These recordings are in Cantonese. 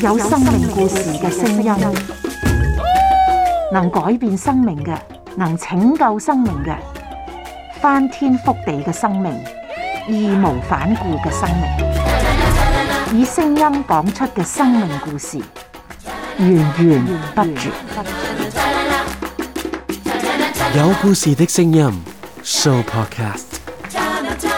有生命故事嘅聲音，能改變生命嘅，能拯救生命嘅，翻天覆地嘅生命，義無反顧嘅生命，以聲音講出嘅生命故事，源源不絕。有故事的聲音，Show Podcast。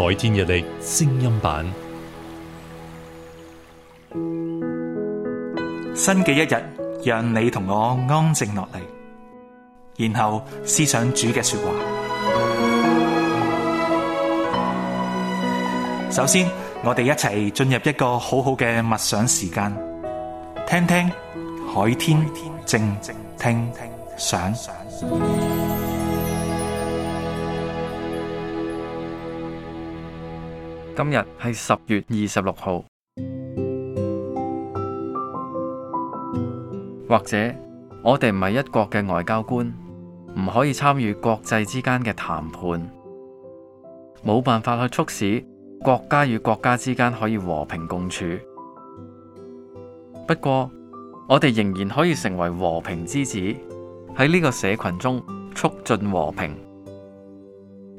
海天日曆聲音版，新嘅一日，讓你同我安靜落嚟，然後思想主嘅說話。嗯。首先，我哋一齊進入一個好好嘅默想時間，聽聽海天，靜靜聽，聽想。」今日係十月二十六號，或者我哋唔係一國嘅外交官，唔可以參與國際之間嘅談判，冇辦法去促使國家與國家之間可以和平共處。不過，我哋仍然可以成為和平之子，喺呢個社群中促進和平，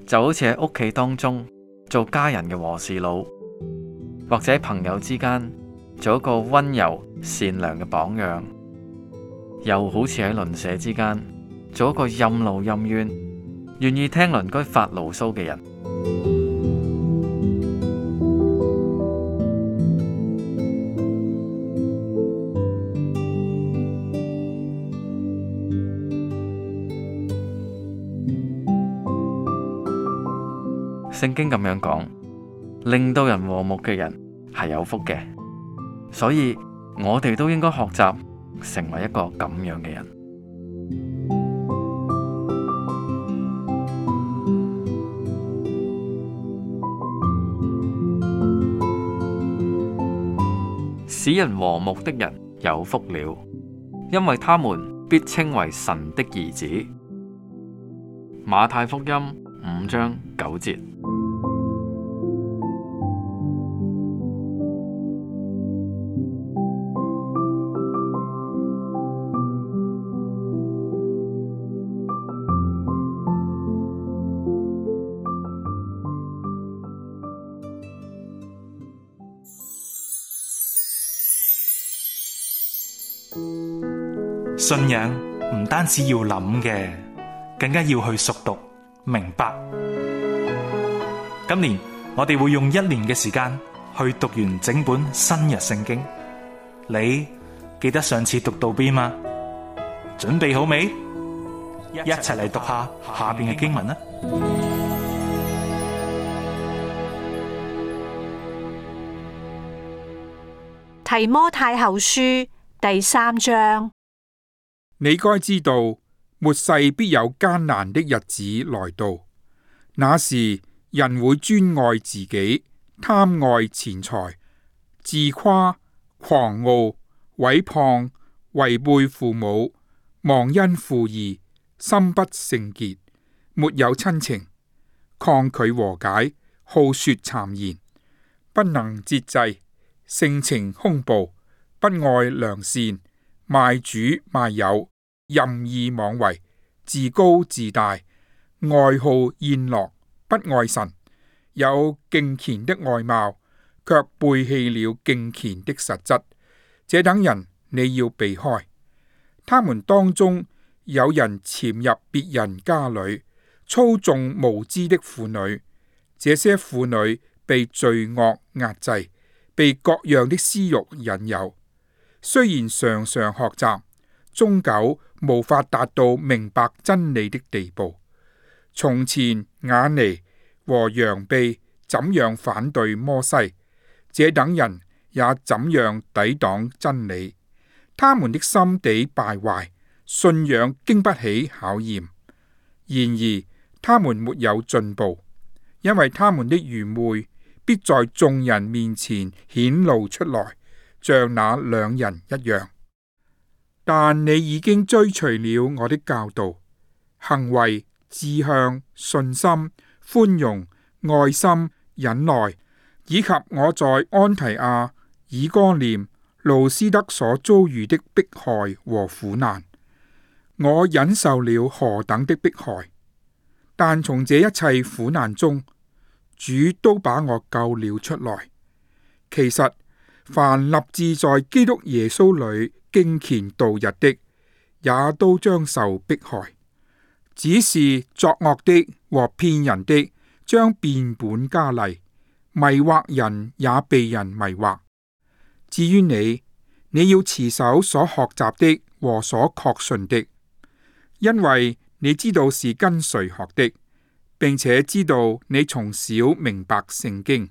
就好似喺屋企當中。做家人嘅和事佬，或者朋友之間做一個溫柔善良嘅榜樣，又好似喺鄰舍之間做一個任勞任怨、願意聽鄰居發牢騷嘅人。聖經咁樣講，令到人和睦嘅人係有福嘅，所以我哋都應該學習成為一個咁樣嘅人。使人和睦的人有福了，因為他們必稱為神的兒子。馬太福音五章九節。信仰唔單止要諗嘅，更加要去熟讀明白。今年我哋會用一年嘅時間去讀完整本新約聖經。你記得上次讀到邊嗎？準備好未？一齊嚟讀下下面嘅經文啦。提摩太後書第三章。你該知道，末世必有艱難的日子來到。那時，人會專愛自己，貪愛錢財，自誇、狂傲、毀謗、違背父母、忘恩負義、心不聖潔，沒有親情，抗拒和解，好說讒言，不能節制，性情兇暴，不愛良善，賣主賣友。任意妄為，自高自大，愛好宴樂，不愛神，有敬虔的外貌，卻背棄了敬虔的實質。這等人你要避開。他們當中有人潛入別人家裏，操縱無知的婦女。這些婦女被罪惡壓制，被各樣的私欲引誘，雖然常常學習。終久無法達到明白真理的地步。從前雅尼和楊庇怎樣反對摩西，這等人也怎樣抵擋真理。他們的心地敗壞，信仰經不起考驗。然而他們沒有進步，因為他們的愚昧必在眾人面前顯露出來，像那兩人一樣。但你已經追隨了我的教導、行為、志向、信心、寬容、愛心、忍耐，以及我在安提亞、以哥念、路斯德所遭遇的迫害和苦難。我忍受了何等的迫害，但從這一切苦難中，主都把我救了出來。其實，凡立志在基督耶穌裏。敬虔度日的也都將受迫害，只是作惡的和騙人的將變本加厲，迷惑人也被人迷惑。至於你，你要持守所學習的和所確信的，因為你知道是跟誰學的，並且知道你從小明白聖經，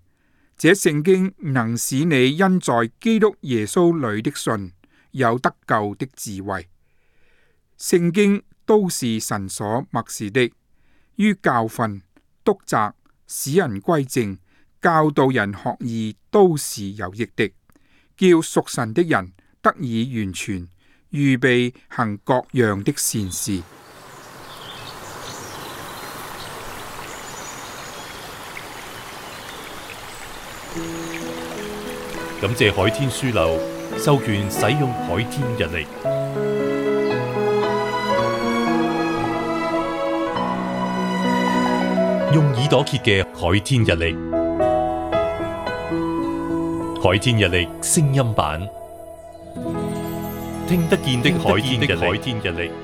這聖經能使你因在基督耶穌裏的信。有得救的智慧，聖經都是神所默示的，於教訓、督責、使人歸正、教導人學義，都是有益的，叫屬神的人得以完全，預備行各樣的善事。感謝海天書樓。授權使用海天日曆，用耳朵揭嘅海天日曆，海天日曆聲音版，聽得見的海天日曆。